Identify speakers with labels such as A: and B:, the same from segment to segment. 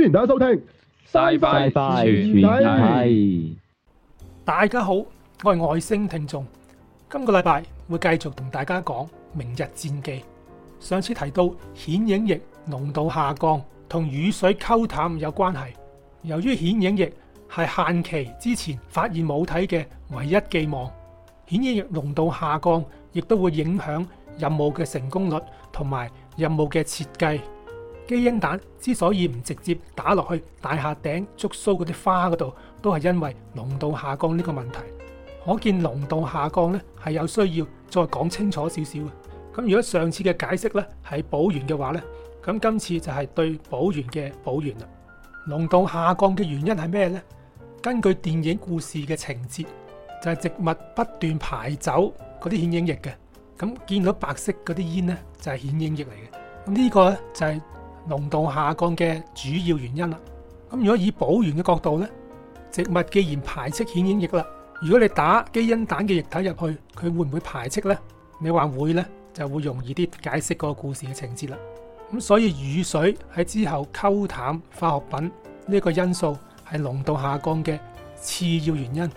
A: 歡迎大家收聽，拜拜拜拜，體大家好，我係外星聽眾。今個禮拜會繼續同大家講明日戰記。上次提到顯影液濃度下降同雨水溝淡有關係，由於顯影液係限期之前發現母體嘅唯一寄望，顯影液濃度下降亦都會影響任務嘅成功率同埋任務嘅設計。基因彈之所以唔直接打落去大廈頂竹鬚嗰啲花嗰度，都係因為濃度下降呢個問題。可見濃度下降呢，係有需要再講清楚少少嘅。咁如果上次嘅解釋呢係補完嘅話呢，咁今次就係對補完嘅補完啦。濃度下降嘅原因係咩呢？根據電影故事嘅情節，就係、是、植物不斷排走嗰啲顯影液嘅。咁見到白色嗰啲煙呢，就係顯影液嚟嘅。咁呢個呢，就係、是。濃度下降嘅主要原因啦，咁如果以保原嘅角度呢，植物既然排斥顯影液啦，如果你打基因蛋嘅液體入去，佢會唔會排斥呢？你話會呢，就會容易啲解釋嗰個故事嘅情節啦。咁所以雨水喺之後溝淡化學品呢個因素係濃度下降嘅次要原因，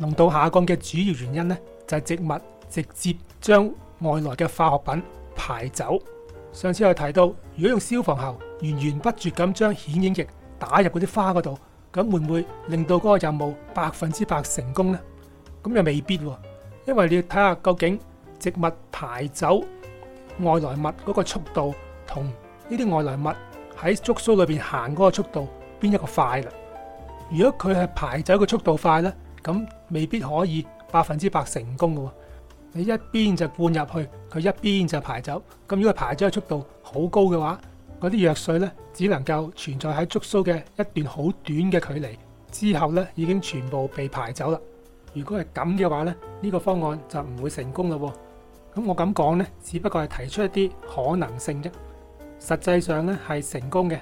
A: 濃度下降嘅主要原因呢，就係植物直接將外來嘅化學品排走。上次又提到，如果用消防喉源源不絕咁將顯影液打入嗰啲花嗰度，咁會唔會令到嗰個任務百分之百成功呢？咁又未必喎，因為你要睇下究竟植物排走外來物嗰個速度，同呢啲外來物喺竹蘇裏邊行嗰個速度邊一個快啦。如果佢係排走嘅速度快呢，咁未必可以百分之百成功嘅。你一邊就灌入去，佢一邊就排走。咁如果排走嘅速度好高嘅話，嗰啲藥水咧，只能夠存在喺觸鬚嘅一段好短嘅距離，之後咧已經全部被排走啦。如果係咁嘅話咧，呢個方案就唔會成功咯喎。咁我咁講咧，只不過係提出一啲可能性啫。實際上咧，係成功嘅，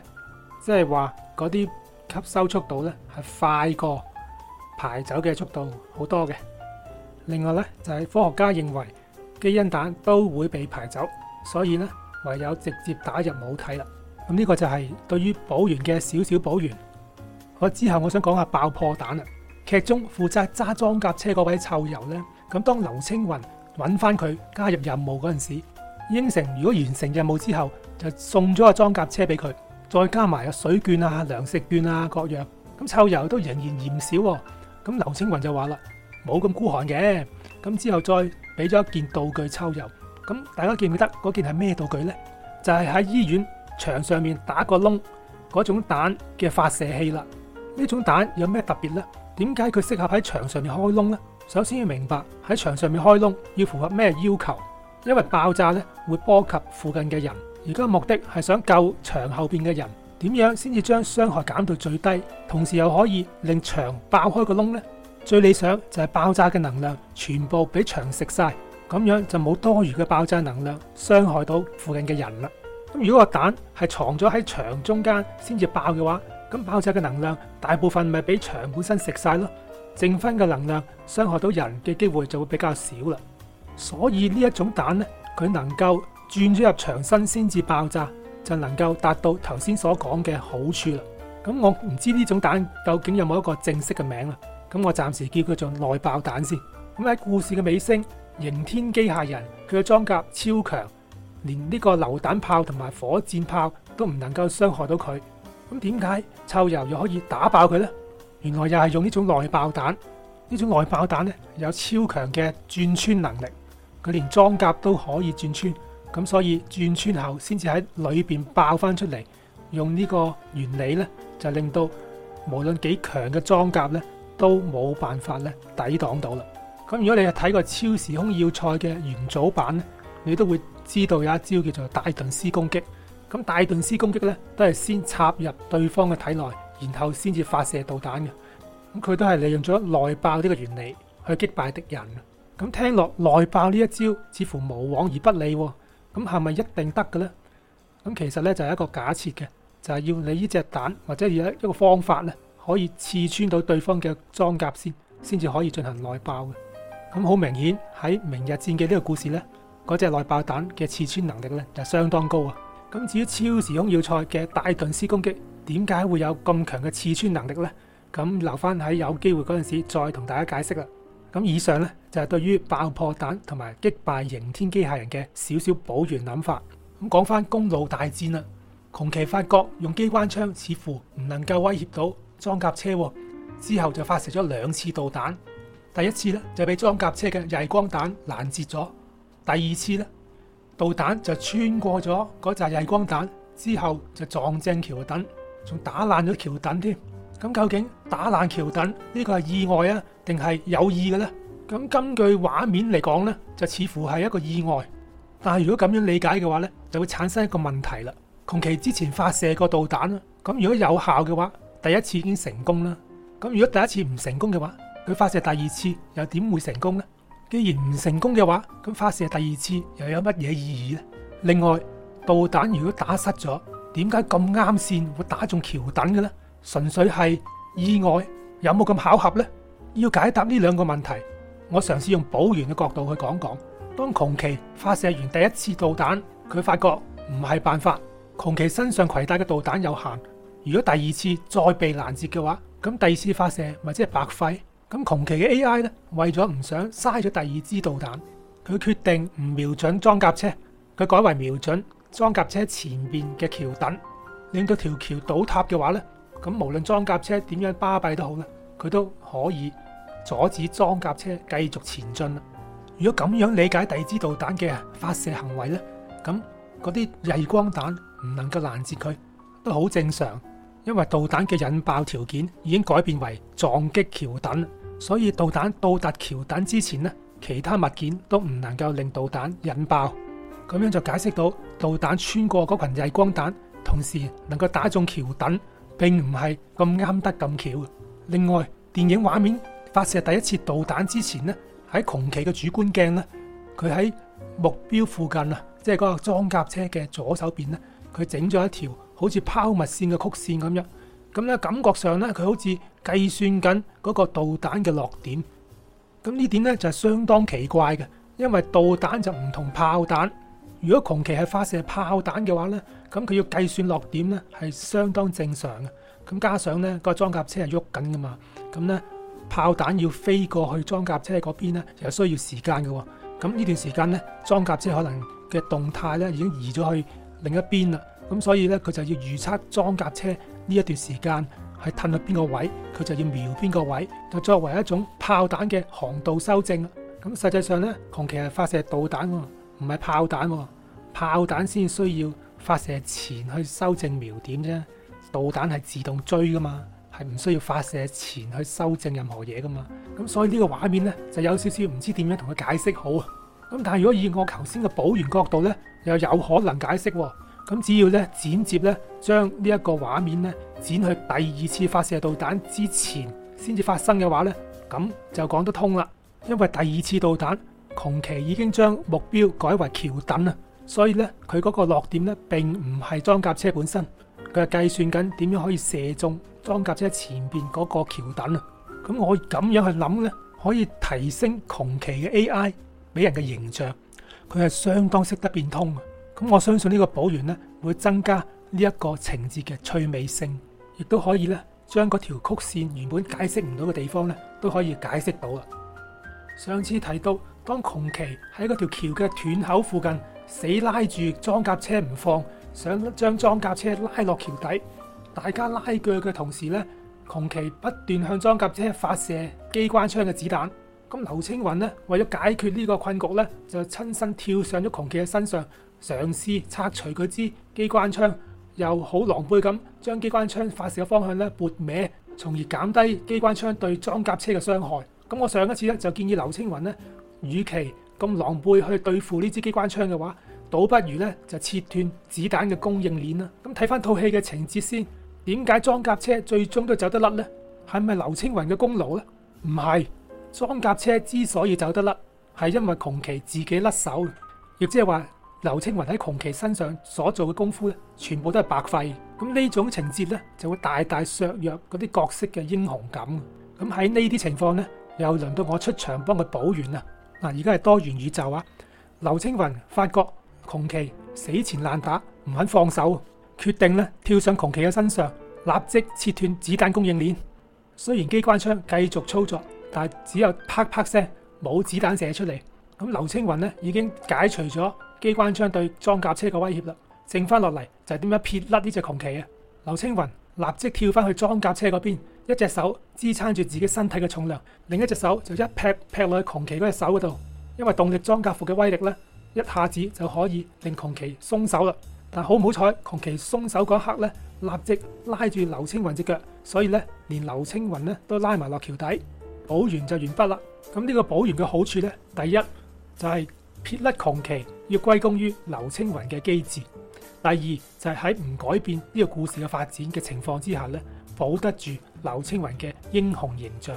A: 即係話嗰啲吸收速度咧係快過排走嘅速度好多嘅。另外咧，就係科學家認為基因彈都會被排走，所以咧唯有直接打入母體啦。咁呢個就係對於補完嘅少少補完。我之後我想講下爆破彈啦。劇中負責揸裝甲車嗰位臭油呢，咁當劉青雲揾翻佢加入任務嗰陣時，應承如果完成任務之後就送咗個裝甲車俾佢，再加埋水券啊、糧食券啊各樣。咁臭油都仍然嫌少喎，咁劉青雲就話啦。冇咁孤寒嘅，咁之後再俾咗一件道具抽入，咁大家記唔記得嗰件係咩道具呢？就係喺醫院牆上面打個窿嗰種彈嘅發射器啦。呢種彈有咩特別呢？點解佢適合喺牆上面開窿呢？首先要明白喺牆上面開窿要符合咩要求。因為爆炸呢會波及附近嘅人，而家目的係想救牆後邊嘅人，點樣先至將傷害減到最低，同時又可以令牆爆開個窿呢？最理想就係爆炸嘅能量全部俾牆食晒，咁樣就冇多餘嘅爆炸能量傷害到附近嘅人啦。咁如果個蛋係藏咗喺牆中間先至爆嘅話，咁爆炸嘅能量大部分咪俾牆本身食晒咯，剩翻嘅能量傷害到人嘅機會就會比較少啦。所以呢一種蛋呢，佢能夠轉咗入牆身先至爆炸，就能夠達到頭先所講嘅好處啦。咁我唔知呢種蛋究竟有冇一個正式嘅名啦。咁我暫時叫佢做內爆彈先。咁喺故事嘅尾聲，刑天機械人佢嘅裝甲超強，連呢個榴彈炮同埋火箭炮都唔能夠傷害到佢。咁點解臭油又可以打爆佢呢？原來又係用呢種內爆彈。呢種內爆彈呢，有超強嘅轉穿能力，佢連裝甲都可以轉穿。咁所以轉穿後先至喺裏面爆翻出嚟，用呢個原理呢，就令到無論幾強嘅裝甲呢，都冇辦法咧，抵擋到啦。咁如果你係睇過超時空要塞嘅元祖版咧，你都會知道有一招叫做大盾師攻擊。咁大盾師攻擊咧，都係先插入對方嘅體內，然後先至發射導彈嘅。咁佢都係利用咗內爆呢個原理去擊敗敵人。咁聽落內爆呢一招，似乎無往而不利，哦。咁係咪一定得嘅呢？咁其實咧，就係一個假設嘅，就係、是、要你呢隻蛋或者要一一個方法咧。可以刺穿到對方嘅裝甲先，先至可以進行內爆嘅。咁好明顯喺明日戰記呢個故事呢，嗰隻內爆彈嘅刺穿能力呢，就相當高啊。咁至於超時空要塞嘅大盾絲攻擊，點解會有咁強嘅刺穿能力呢？咁留翻喺有機會嗰陣時再同大家解釋啦。咁以上呢，就係對於爆破彈同埋擊敗迎天機械人嘅少少補完諗法。咁講翻公路大戰啊，窮奇發覺用機關槍似乎唔能夠威脅到。裝甲車之後就發射咗兩次導彈，第一次呢，就俾裝甲車嘅曳光彈攔截咗，第二次呢，導彈就穿過咗嗰扎曳光彈之後就撞正橋墩，仲打爛咗橋墩添。咁究竟打爛橋墩呢個係意外啊，定係有意嘅呢？咁根據畫面嚟講呢，就似乎係一個意外。但係如果咁樣理解嘅話呢，就會產生一個問題啦。窮奇之前發射過導彈啦，咁如果有效嘅話，第一次已經成功啦，咁如果第一次唔成功嘅話，佢發射第二次又點會成功呢？既然唔成功嘅話，咁發射第二次又有乜嘢意義呢？另外，導彈如果打失咗，點解咁啱先會打中橋墩嘅呢？純粹係意外，有冇咁巧合呢？要解答呢兩個問題，我嘗試用保元嘅角度去講講。當窮奇發射完第一次導彈，佢發覺唔係辦法，窮奇身上攜帶嘅導彈有限。如果第二次再被攔截嘅話，咁第二次發射咪即係白費。咁窮奇嘅 AI 呢，為咗唔想嘥咗第二支導彈，佢決定唔瞄準裝甲車，佢改為瞄準裝甲車前邊嘅橋墩，令到條橋倒塌嘅話呢，咁無論裝甲車點樣巴閉都好啦，佢都可以阻止裝甲車繼續前進啦。如果咁樣理解第二支導彈嘅發射行為呢，咁嗰啲曳光彈唔能夠攔截佢，都好正常。因為導彈嘅引爆條件已經改變為撞擊橋墩，所以導彈到達橋墩之前呢，其他物件都唔能夠令導彈引爆。咁樣就解釋到導彈穿過嗰群曳光彈，同時能夠打中橋墩，並唔係咁啱得咁巧。另外，電影畫面發射第一次導彈之前呢，喺窮奇嘅主觀鏡呢，佢喺目標附近啊，即係嗰個裝甲車嘅左手邊咧，佢整咗一條。好似拋物線嘅曲線咁樣，咁咧感覺上咧佢好似計算緊嗰個導彈嘅落點，咁呢點咧就係相當奇怪嘅，因為導彈就唔同炮彈。如果窮奇係發射炮彈嘅話咧，咁佢要計算落點咧係相當正常嘅。咁加上咧個裝甲車係喐緊噶嘛，咁咧炮彈要飛過去裝甲車嗰邊咧就需要時間嘅喎。咁呢段時間咧裝甲車可能嘅動態咧已經移咗去另一邊啦。咁所以咧，佢就要預測裝甲車呢一段時間係褪去邊個位置，佢就要瞄邊個位置。就作為一種炮彈嘅航道修正。咁實際上咧，窮奇係發射導彈喎、哦，唔係炮彈喎、哦。炮彈先需要發射前去修正瞄點啫，導彈係自動追噶嘛，係唔需要發射前去修正任何嘢噶嘛。咁所以呢個畫面咧就有少少唔知點樣同佢解釋好啊。咁但係如果以我頭先嘅補完角度咧，又有可能解釋喎、哦。咁只要咧剪接咧，將呢一個畫面咧剪去第二次發射導彈之前先至發生嘅話咧，咁就講得通啦。因為第二次導彈窮奇已經將目標改為橋墩啦，所以咧佢嗰個落點咧並唔係裝甲車本身，佢係計算緊點樣可以射中裝甲車前邊嗰個橋墩啊。咁我咁樣去諗咧，可以提升窮奇嘅 A.I. 俾人嘅形象，佢係相當識得變通。咁我相信呢個補完咧，會增加呢一個情節嘅趣味性，亦都可以咧將嗰條曲線原本解釋唔到嘅地方呢，都可以解釋到啦。上次提到，當窮奇喺嗰條橋嘅斷口附近死拉住裝甲車唔放，想將裝甲車拉落橋底，大家拉腳嘅同時呢，窮奇不斷向裝甲車發射機關槍嘅子彈。咁劉青雲呢，為咗解決呢個困局呢就親身跳上咗窮奇嘅身上。嘗試拆除佢支機關槍，又好狼狽咁將機關槍發射嘅方向咧撥歪，從而減低機關槍對裝甲車嘅傷害。咁我上一次咧就建議劉青雲呢，與其咁狼狽去對付呢支機關槍嘅話，倒不如呢就切斷子彈嘅供應鏈啦。咁睇翻套戲嘅情節先，點解裝甲車最終都走得甩呢？係咪劉青雲嘅功勞呢？唔係裝甲車之所以走得甩，係因為窮奇自己甩手，亦即係話。劉青雲喺窮奇身上所做嘅功夫咧，全部都係白費。咁呢種情節咧，就會大大削弱嗰啲角色嘅英雄感。咁喺呢啲情況咧，又輪到我出場幫佢補完啦。嗱，而家係多元宇宙啊。劉青雲發覺窮奇死纏爛打，唔肯放手，決定咧跳上窮奇嘅身上，立即切斷子彈供應鏈。雖然機關槍繼續操作，但係只有啪啪聲，冇子彈射出嚟。咁劉青雲呢，已經解除咗。機關槍對裝甲車嘅威脅啦，剩翻落嚟就係點樣撇甩呢隻窮奇啊！劉青雲立即跳翻去裝甲車嗰邊，一隻手支撐住自己身體嘅重量，另一隻手就一劈劈落去窮奇嗰隻手嗰度，因為動力裝甲服嘅威力呢，一下子就可以令窮奇鬆手啦。但好唔好彩，窮奇鬆手嗰一刻呢，立即拉住劉青雲隻腳，所以呢，連劉青雲呢都拉埋落橋底。補完就完畢啦。咁呢個補完嘅好處呢，第一就係、是。撇甩窮奇，要歸功於劉青雲嘅機智。第二就係喺唔改變呢個故事嘅發展嘅情況之下咧，保得住劉青雲嘅英雄形象。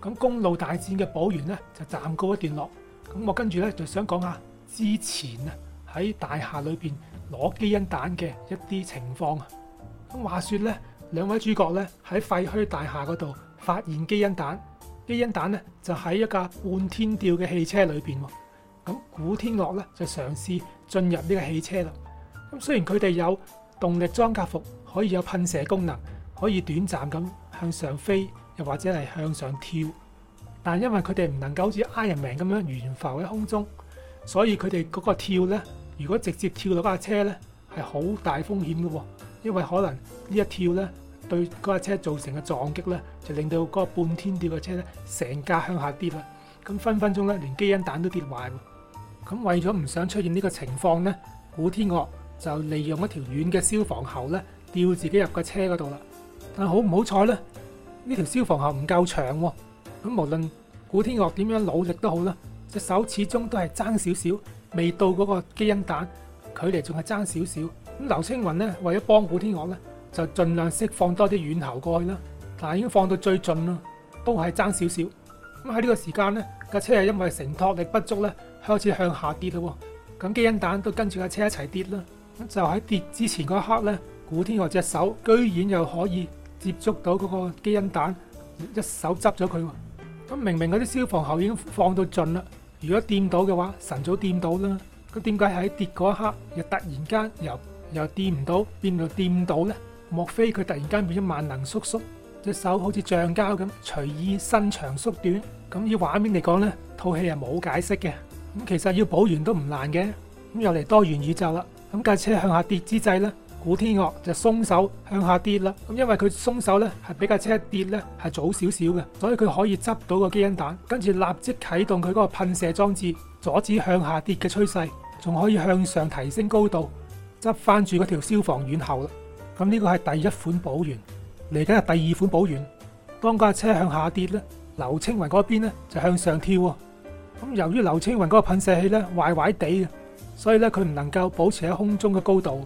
A: 咁公路大戰嘅保完咧，就暫告一段落。咁我跟住咧就想講下之前啊喺大廈裏邊攞基因蛋嘅一啲情況啊。咁話說咧，兩位主角咧喺廢墟大廈嗰度發現基因蛋，基因蛋咧就喺一架半天吊嘅汽車裏邊。古天樂咧就嘗試進入呢個汽車啦。咁雖然佢哋有動力裝甲服，可以有噴射功能，可以短暫咁向上飛，又或者係向上跳，但因為佢哋唔能夠好似 Ironman 咁樣懸浮喺空中，所以佢哋嗰個跳咧，如果直接跳落架車咧，係好大風險嘅喎、哦。因為可能呢一跳咧，對架車造成嘅撞擊咧，就令到嗰個半天吊嘅車咧，成架向下跌啦。咁分分鐘咧，連基因彈都跌壞。咁為咗唔想出現呢個情況呢，古天樂就利用一條軟嘅消防喉咧，吊自己入個車嗰度啦。但係好唔好彩咧？呢條消防喉唔夠長喎。咁無論古天樂點樣努力都好啦，隻手始終都係爭少少，未到嗰個基因彈距離，仲係爭少少。咁劉青雲呢，為咗幫古天樂呢，就盡量釋放多啲軟喉過去啦。但係已經放到最盡咯，都係爭少少。咁喺呢個時間呢，架車係因為承托力不足呢，開始向下跌啦，咁基因蛋都跟住架車一齊跌啦。咁就喺跌之前嗰一刻呢，古天樂隻手居然又可以接觸到嗰個基因蛋，一手執咗佢。咁明明嗰啲消防喉已經放到盡啦，如果掂到嘅話，神早掂到啦。咁點解喺跌嗰一刻又突然間又又掂唔到，變到掂到呢？莫非佢突然間變咗萬能叔叔？隻手好似橡膠咁隨意伸長縮短。咁以畫面嚟講呢，套戲係冇解釋嘅。咁其實要補完都唔難嘅，咁又嚟多元宇宙啦。咁架車向下跌之際咧，古天樂就鬆手向下跌啦。咁因為佢鬆手咧，係比架車跌呢係早少少嘅，所以佢可以執到個基因彈，跟住立即啟動佢嗰個噴射裝置，阻止向下跌嘅趨勢，仲可以向上提升高度，執翻住嗰條消防軟喉啦。咁呢個係第一款補完，嚟緊係第二款補完。當架車向下跌呢，劉青雲嗰邊咧就向上跳啊！咁由於劉青雲嗰個噴射器咧壞壞地嘅，所以咧佢唔能夠保持喺空中嘅高度。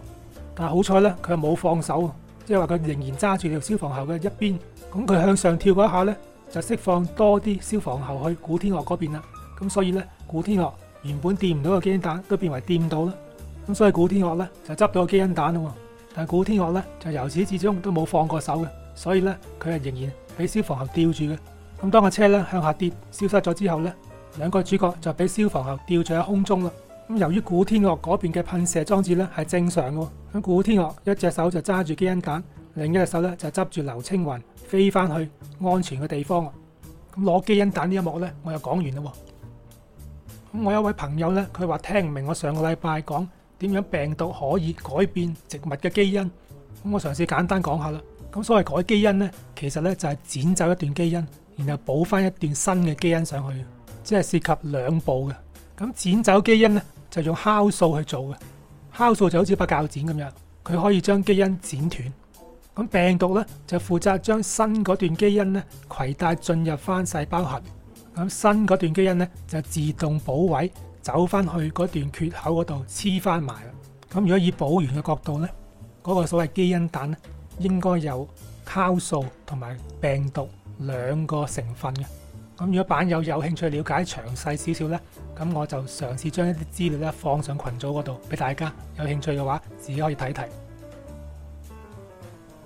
A: 但係好彩咧，佢冇放手，即係話佢仍然揸住條消防喉嘅一邊。咁佢向上跳嗰一下咧，就釋放多啲消防喉去古天樂嗰邊啦。咁所以咧，古天樂原本掂唔到個基因彈都變為掂到啦。咁所以古天樂咧就執到個基因彈啦。但係古天樂咧就由始至終都冇放過手嘅，所以咧佢係仍然俾消防喉吊住嘅。咁當個車咧向下跌消失咗之後咧。兩個主角就俾消防喉吊住喺空中啦。咁由於古天樂嗰邊嘅噴射裝置咧係正常嘅，咁古天樂一隻手就揸住基因彈，另一隻手咧就執住劉青雲飛翻去安全嘅地方。咁攞基因彈呢一幕咧，我又講完啦。咁我有位朋友咧，佢話聽唔明我上個禮拜講點樣病毒可以改變植物嘅基因。咁我嘗試簡單講下啦。咁所謂改基因咧，其實咧就係剪走一段基因，然後補翻一段新嘅基因上去。即係涉及兩步嘅，咁剪走基因呢，就用酵素去做嘅，酵素就好似把鉸剪咁樣，佢可以將基因剪斷。咁病毒呢，就負責將新嗰段基因呢，攜帶進入翻細胞核，咁新嗰段基因呢，就自動補位走翻去嗰段缺口嗰度黐翻埋啦。咁如果以補完嘅角度呢，嗰個所謂基因蛋呢，應該有酵素同埋病毒兩個成分嘅。咁如果版友有興趣了解詳細少少呢，咁我就嘗試將一啲資料咧放上群組嗰度俾大家，有興趣嘅話自己可以睇睇。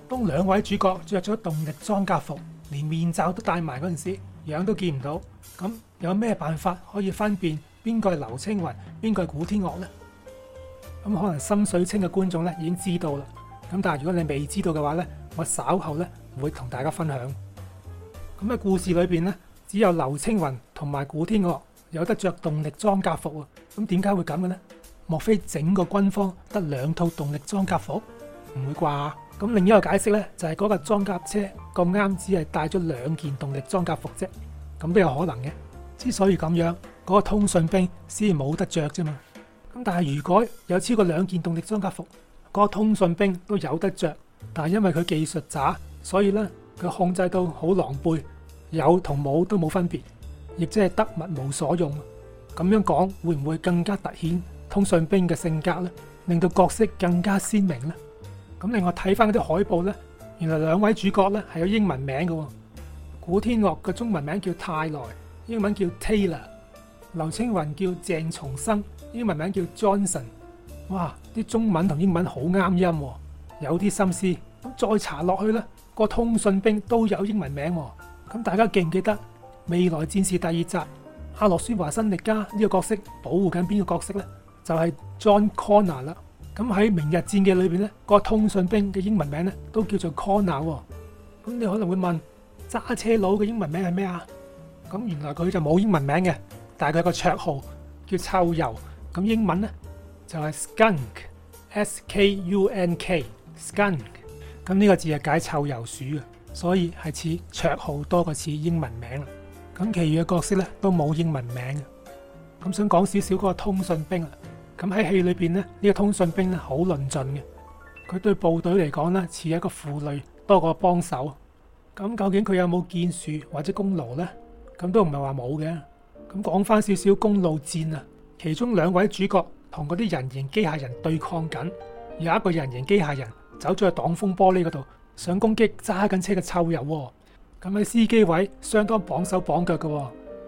A: 當兩位主角着咗動力裝甲服，連面罩都戴埋嗰陣時，樣都見唔到，咁有咩辦法可以分辨邊個係劉青雲，邊個係古天樂呢？咁可能心水清嘅觀眾呢已經知道啦，咁但係如果你未知道嘅話呢，我稍後呢會同大家分享。咁喺故事裏邊呢。只有劉青雲同埋古天樂有得着動力裝甲服啊！咁點解會咁嘅呢？莫非整個軍方得兩套動力裝甲服？唔會啩？咁另一個解釋呢，就係嗰架裝甲車咁啱只係帶咗兩件動力裝甲服啫，咁都有可能嘅。之所以咁樣，嗰個通訊兵先冇得着啫嘛。咁但係如果有超過兩件動力裝甲服，嗰個通訊兵都有得着，但係因為佢技術渣，所以呢，佢控制到好狼狽。有同冇都冇分別，亦即係得物無所用。咁樣講，會唔會更加突顯通訊兵嘅性格呢？令到角色更加鮮明呢？咁令我睇翻嗰啲海報呢，原來兩位主角呢係有英文名嘅。古天樂嘅中文名叫泰來，英文叫 Taylor；劉青雲叫鄭重生，英文名叫 Johnson。哇！啲中文同英文好啱音，有啲心思。咁再查落去呢，個通訊兵都有英文名喎。咁大家記唔記得《未來戰士》第二集阿諾舒華辛力加呢個角色保護緊邊個角色呢？就係 John Connor 啦。咁喺《明日戰記》裏邊呢，個通訊兵嘅英文名呢都叫做 Connor 喎。咁你可能會問揸車佬嘅英文名係咩啊？咁原來佢就冇英文名嘅，但係佢有個綽號叫臭油。咁英文呢，就係 Skunk，S-K-U-N-K，Skunk。咁呢個字係解臭油鼠嘅。所以係似綽號多過似英文名。咁其餘嘅角色咧都冇英文名嘅。咁想講少少嗰個通訊兵。咁喺戲裏邊呢，呢個通訊兵咧好論盡嘅。佢對部隊嚟講呢似一個負累多過幫手。咁究竟佢有冇建樹或者功勞呢？咁都唔係話冇嘅。咁講翻少少公路戰啊。其中兩位主角同嗰啲人形機械人對抗緊。有一個人形機械人走咗去擋風玻璃嗰度。想攻擊揸緊車嘅臭友，咁喺司機位相當綁手綁腳嘅，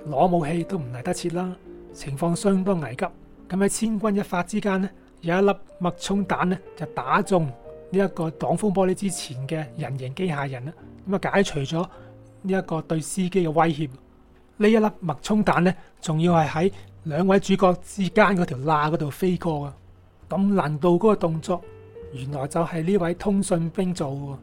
A: 攞武器都唔嚟得切啦。情況相當危急，咁喺千鈞一髮之間咧，有一粒脈衝彈呢就打中呢一個擋風玻璃之前嘅人形機械人啦，咁啊解除咗呢一個對司機嘅威脅。呢一粒脈衝彈呢，仲要係喺兩位主角之間嗰條罅嗰度飛過啊！咁難度嗰個動作，原來就係呢位通訊兵做。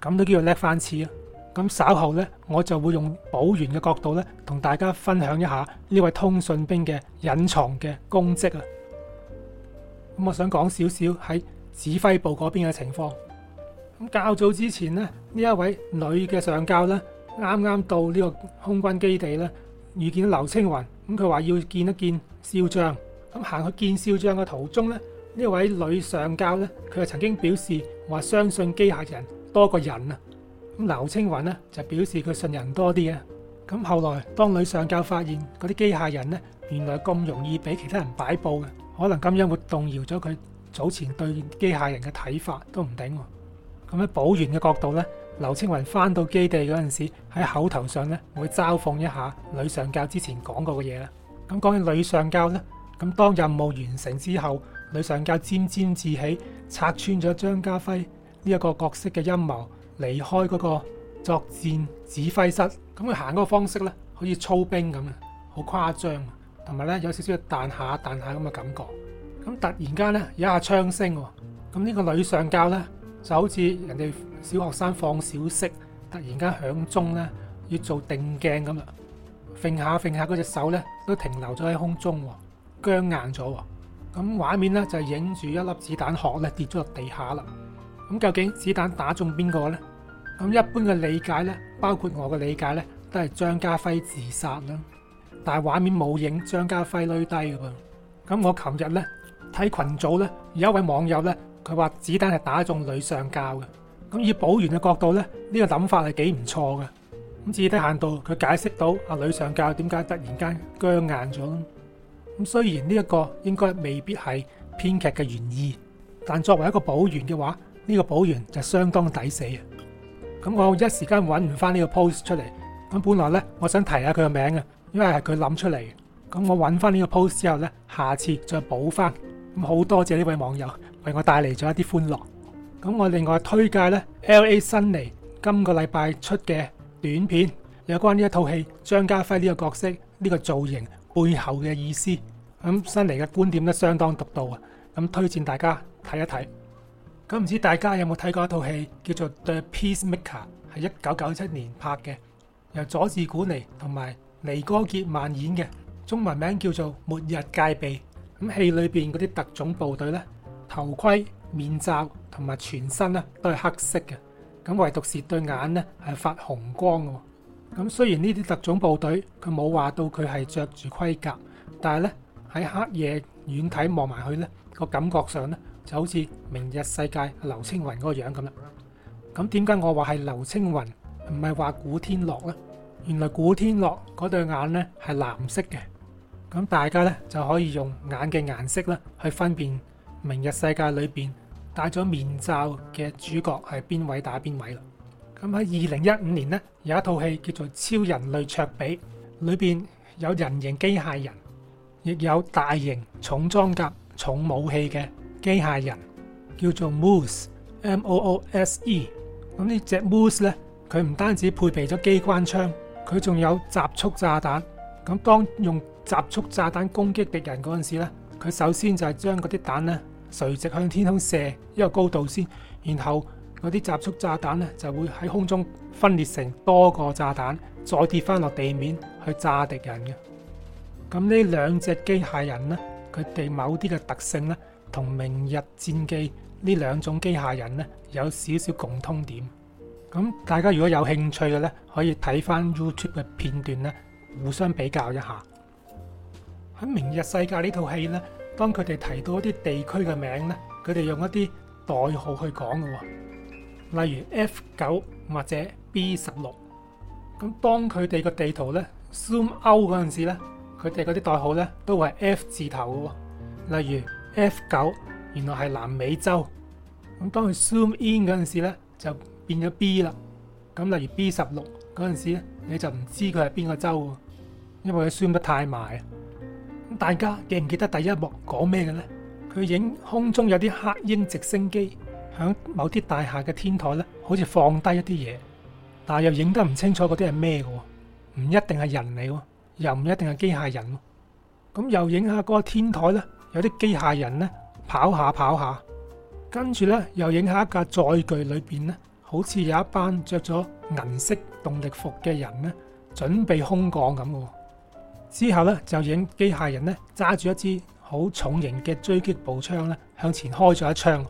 A: 咁都叫做叻翻次啊！咁稍後咧，我就會用保員嘅角度咧，同大家分享一下呢位通訊兵嘅隱藏嘅功績啊。咁我想講少少喺指揮部嗰邊嘅情況。咁較早之前咧，呢一位女嘅上校咧，啱啱到呢個空軍基地咧，遇見到劉青雲咁，佢話要見一見少將。咁行去見少將嘅途中咧，呢一位女上校咧，佢就曾經表示話相信機械人。多個人啊！咁劉青雲呢就表示佢信人多啲啊。咁後來，當女上教發現嗰啲機械人呢，原來咁容易俾其他人擺佈嘅，可能咁樣會動搖咗佢早前對機械人嘅睇法都唔定啊。咁喺保完嘅角度呢，劉青雲翻到基地嗰陣時喺口頭上呢，我會嘲諷一下女上教之前講過嘅嘢啦。咁講起女上教呢，咁當任務完成之後，女上教沾沾自喜，拆穿咗張家輝。呢一個角色嘅陰謀，離開嗰個作戰指揮室，咁佢行嗰個方式呢，好似操兵咁啊，好誇張啊，同埋呢有少少彈下彈下咁嘅感覺。咁突然間呢，有一下槍聲喎。咁呢個女上校呢，就好似人哋小學生放小息，突然間響鐘呢，要做定鏡咁啦，揈下揈下嗰隻手呢，都停留咗喺空中喎，僵硬咗喎。咁畫面呢，就係影住一粒子彈殼呢跌咗落地下啦。咁究竟子彈打中邊個呢？咁一般嘅理解咧，包括我嘅理解咧，都係張家輝自殺啦。但係畫面冇影，張家輝攣低嘅噃。咁我琴日呢睇群組咧，有一位網友呢，佢話子彈係打中女上校嘅。咁以保源嘅角度呢，呢個諗法係幾唔錯嘅。咁至低限度佢解釋到啊，女上校點解突然間僵硬咗？咁雖然呢一個應該未必係編劇嘅原意，但作為一個保源嘅話，呢個補完就相當抵死啊！咁我一時間揾唔翻呢個 post 出嚟，咁本來呢，我想提下佢個名嘅，因為係佢諗出嚟嘅。咁我揾翻呢個 post 之後呢，下次再補翻。咁好多謝呢位網友為我帶嚟咗一啲歡樂。咁我另外推介呢 LA 辛尼今個禮拜出嘅短片，有關呢一套戲張家輝呢個角色呢、呢個造型背後嘅意思。咁辛尼嘅觀點都相當獨到啊！咁推薦大家睇一睇。咁唔知大家有冇睇過一套戲叫做《The Peace Maker》，係一九九七年拍嘅，由佐治古尼同埋尼哥傑曼演嘅，中文名叫做《末日戒備》。咁戲裏邊嗰啲特種部隊呢，頭盔、面罩同埋全身呢都係黑色嘅，咁唯獨是對眼呢係發紅光嘅。咁雖然呢啲特種部隊佢冇話到佢係著住盔甲，但係呢喺黑夜遠睇望埋去呢個感覺上呢。就好似《明日世界》劉青雲嗰個樣咁啦。咁點解我話係劉青雲，唔係話古天樂咧？原來古天樂嗰對眼咧係藍色嘅。咁大家咧就可以用眼嘅顏色咧，去分辨《明日世界》裏邊戴咗面罩嘅主角係邊位打邊位啦。咁喺二零一五年呢，有一套戲叫做《超人類卓比》，裏邊有人形機械人，亦有大型重裝甲、重武器嘅。機械人叫做 Moose Moose, M O O S E。咁呢隻 Moose 呢，佢唔單止配備咗機關槍，佢仲有集束炸彈。咁當用集束炸彈攻擊敵人嗰陣時咧，佢首先就係將嗰啲彈呢垂直向天空射一個高度先，然後嗰啲集束炸彈呢就會喺空中分裂成多個炸彈，再跌翻落地面去炸敵人嘅。咁呢兩隻機械人呢，佢哋某啲嘅特性呢。同《明日戰記》呢兩種機械人呢，有少少共通點。咁大家如果有興趣嘅呢，可以睇翻 YouTube 嘅片段呢，互相比較一下。喺《明日世界》呢套戲呢，當佢哋提到一啲地區嘅名呢，佢哋用一啲代號去講嘅喎，例如 F 九或者 B 十六。咁當佢哋個地圖呢 zoom out 嗰陣時咧，佢哋嗰啲代號呢，都係 F 字頭嘅喎，例如。F 九原來係南美洲，咁當佢 zoom in 嗰陣時咧，就變咗 B 啦。咁例如 B 十六嗰陣時咧，你就唔知佢係邊個州嘅，因為佢 zoom 得太埋啊。咁大家記唔記得第一幕講咩嘅咧？佢影空中有啲黑鷹直升機響某啲大廈嘅天台咧，好似放低一啲嘢，但係又影得唔清楚嗰啲係咩嘅，唔一定係人嚟，又唔一定係機械人。咁又影下嗰個天台咧。有啲機械人咧跑下跑下，跟住咧又影下一架載具裏邊咧，好似有一班着咗銀色動力服嘅人咧，準備空降咁。之後咧就影機械人咧揸住一支好重型嘅狙擊步槍咧向前開咗一槍。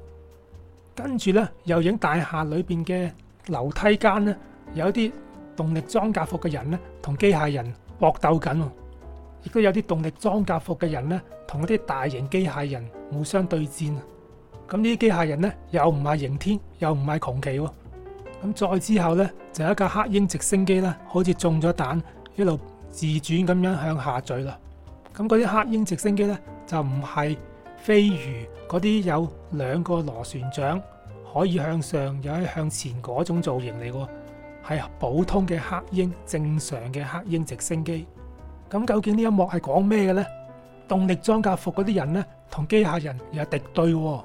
A: 跟住咧又影大廈裏邊嘅樓梯間咧，有啲動力裝甲服嘅人咧同機械人搏鬥緊。亦都有啲動力裝甲服嘅人呢，同嗰啲大型機械人互相對戰。咁呢啲機械人呢，又唔係刑天，又唔係窮奇。咁再之後呢，就有一架黑鷹直升機呢，好似中咗彈，一路自轉咁樣向下墜啦。咁嗰啲黑鷹直升機呢，就唔係飛魚嗰啲有兩個螺旋槳可以向上又可以向前嗰種造型嚟嘅，係普通嘅黑鷹，正常嘅黑鷹直升機。咁究竟呢一幕係講咩嘅呢？動力裝甲服嗰啲人呢，同機械人又係敵對喎。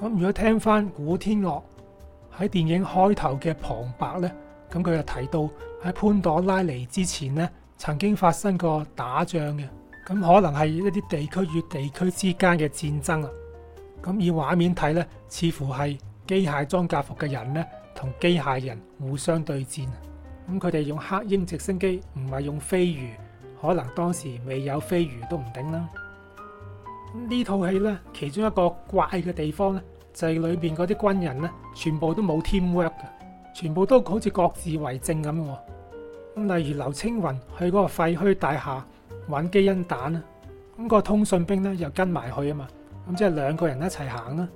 A: 咁如果聽翻古天樂喺電影開頭嘅旁白呢，咁佢又提到喺潘朵拉嚟之前呢，曾經發生過打仗嘅。咁可能係一啲地區與地區之間嘅戰爭啊。咁以畫面睇呢，似乎係機械裝甲服嘅人呢，同機械人互相對戰。咁佢哋用黑鷹直升機，唔係用飛魚。可能當時未有飛魚都唔定啦。呢套戲呢，其中一個怪嘅地方呢，就係裏邊嗰啲軍人呢，全部都冇 teamwork 嘅，全部都好似各自為政咁喎。咁例如劉青雲去嗰個廢墟大廈揾基因彈啦，咁個通訊兵呢又跟埋去啊嘛。咁即係兩個人一齊行啦。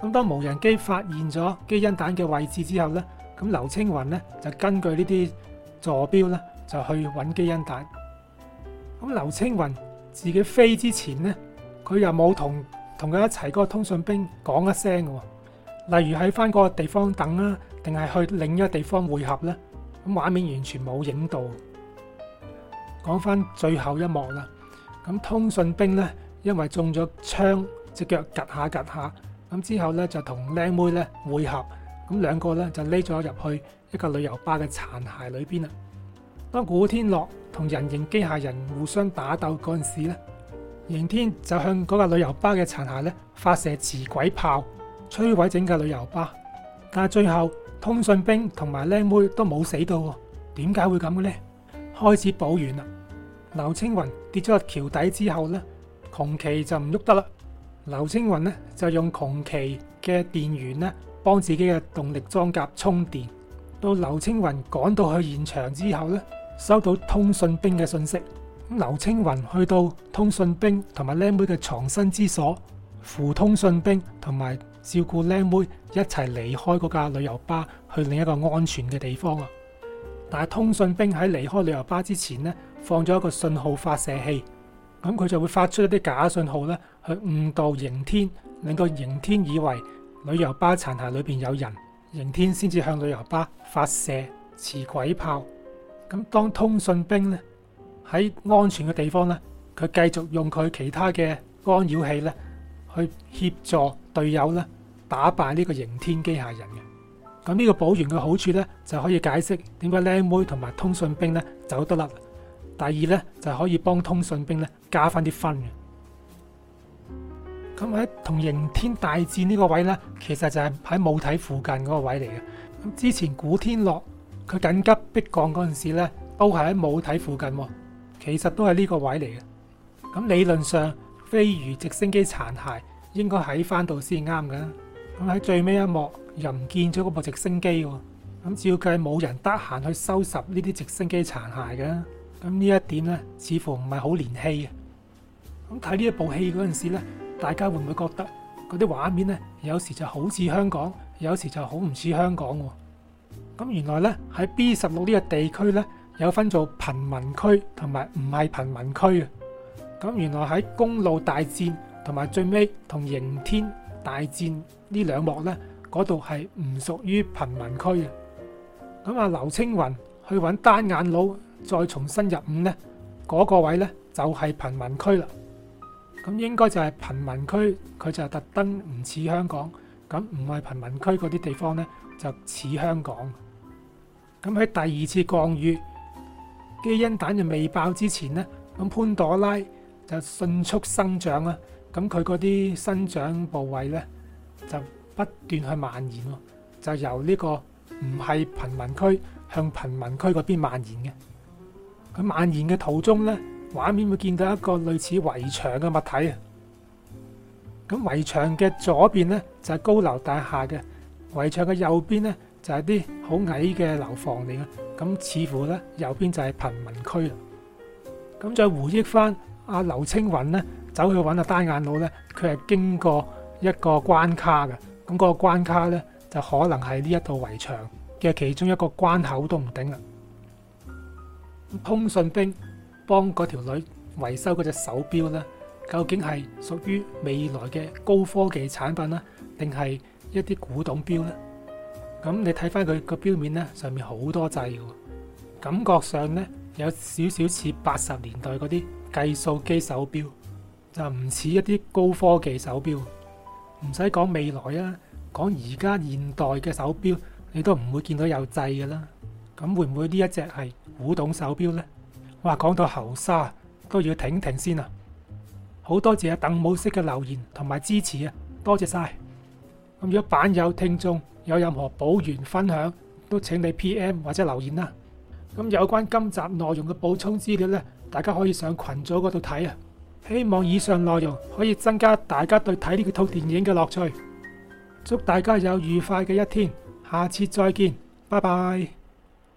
A: 咁當無人機發現咗基因彈嘅位置之後呢，咁劉青雲呢，就根據呢啲座標呢，就去揾基因彈。咁劉青雲自己飛之前咧，佢又冇同同佢一齊嗰個通訊兵講一聲嘅，例如喺翻嗰個地方等啊，定係去另一個地方匯合咧？咁畫面完全冇影到。講翻最後一幕啦，咁通訊兵咧，因為中咗槍，隻腳夾下夾下，咁之後咧就同靚妹咧匯合，咁兩個咧就匿咗入去一個旅遊巴嘅殘骸裏邊啦。當古天樂同人形機械人互相打鬥嗰陣時咧，刑天就向嗰架旅遊巴嘅殘骸咧發射磁軌炮，摧毀整個旅遊巴。但係最後通訊兵同埋靚妹都冇死到，點解會咁嘅呢？開始補完啦。劉青雲跌咗落橋底之後呢，窮奇就唔喐得啦。劉青雲呢，就用窮奇嘅電源呢幫自己嘅動力裝甲充電。到劉青雲趕到去現場之後呢。收到通訊兵嘅信息，咁劉青雲去到通訊兵同埋靚妹嘅藏身之所，扶通訊兵同埋照顧靚妹一齊離開嗰架旅遊巴，去另一個安全嘅地方啊！但係通訊兵喺離開旅遊巴之前呢，放咗一個信號發射器，咁佢就會發出一啲假信號呢去誤導刑天，令到刑天以為旅遊巴殘骸裏邊有人，刑天先至向旅遊巴發射磁軌炮。咁當通訊兵咧喺安全嘅地方咧，佢繼續用佢其他嘅干擾器咧，去協助隊友咧打敗呢個刑天機械人嘅。咁呢個保員嘅好處咧，就可以解釋點解靚妹同埋通訊兵咧走得甩。第二咧就可以幫通訊兵咧加翻啲分嘅。咁喺同刑天大戰呢個位咧，其實就係喺母體附近嗰個位嚟嘅。咁之前古天樂。佢緊急迫降嗰陣時咧，都係喺母體附近喎，其實都係呢個位嚟嘅。咁理論上飛魚直升機殘骸應該喺翻度先啱嘅。咁喺最尾一幕又唔見咗嗰部直升機喎。咁照計冇人得閒去收拾呢啲直升機殘骸嘅。咁呢一點呢，似乎唔係好連戲嘅。咁睇呢一部戲嗰陣時咧，大家會唔會覺得嗰啲畫面呢，有時就好似香港，有時就好唔似香港喎？咁原來呢，喺 B 十六呢個地區呢，有分做貧民區同埋唔係貧民區嘅。咁原來喺公路大戰同埋最尾同刑天大戰呢兩幕呢，嗰度係唔屬於貧民區嘅。咁阿劉青雲去揾單眼佬再重新入伍呢，嗰個位呢，就係貧民區啦。咁應該就係貧民區，佢就特登唔似香港。咁唔係貧民區嗰啲地方呢，就似香港。咁喺第二次降雨，基因彈就未爆之前呢，咁潘朵拉就迅速生長啦。咁佢嗰啲生長部位呢，就不斷去蔓延咯。就由呢個唔係貧民區向貧民區嗰邊蔓延嘅。佢蔓延嘅途中呢，畫面會見到一個類似圍牆嘅物體啊。咁圍牆嘅左邊呢，就係高樓大廈嘅，圍牆嘅右邊呢。就係啲好矮嘅樓房嚟嘅，咁似乎呢，右邊就係貧民區啦。咁再回憶翻阿劉青雲呢，走去揾阿單眼佬呢，佢係經過一個關卡嘅，咁、那、嗰個關卡呢，就可能係呢一道圍牆嘅其中一個關口都唔定啦。通訊兵幫嗰條女維修嗰隻手錶呢，究竟係屬於未來嘅高科技產品呢，定係一啲古董錶呢？咁你睇翻佢個錶面咧，上面好多掣嘅，感覺上咧有少少似八十年代嗰啲計數機手錶，就唔似一啲高科技手錶，唔使講未來啊，講而家現代嘅手錶你都唔會見到有掣嘅啦。咁會唔會呢一隻係古董手錶呢？哇，講到喉沙都要停停先啊！好多謝阿鄧武飾嘅留言同埋支持啊，多謝晒！咁，如果版友聽眾，有任何補完分享，都請你 PM 或者留言啦。咁有關今集內容嘅補充資料呢，大家可以上群組嗰度睇啊。希望以上內容可以增加大家對睇呢套電影嘅樂趣。祝大家有愉快嘅一天，下次再見，拜拜。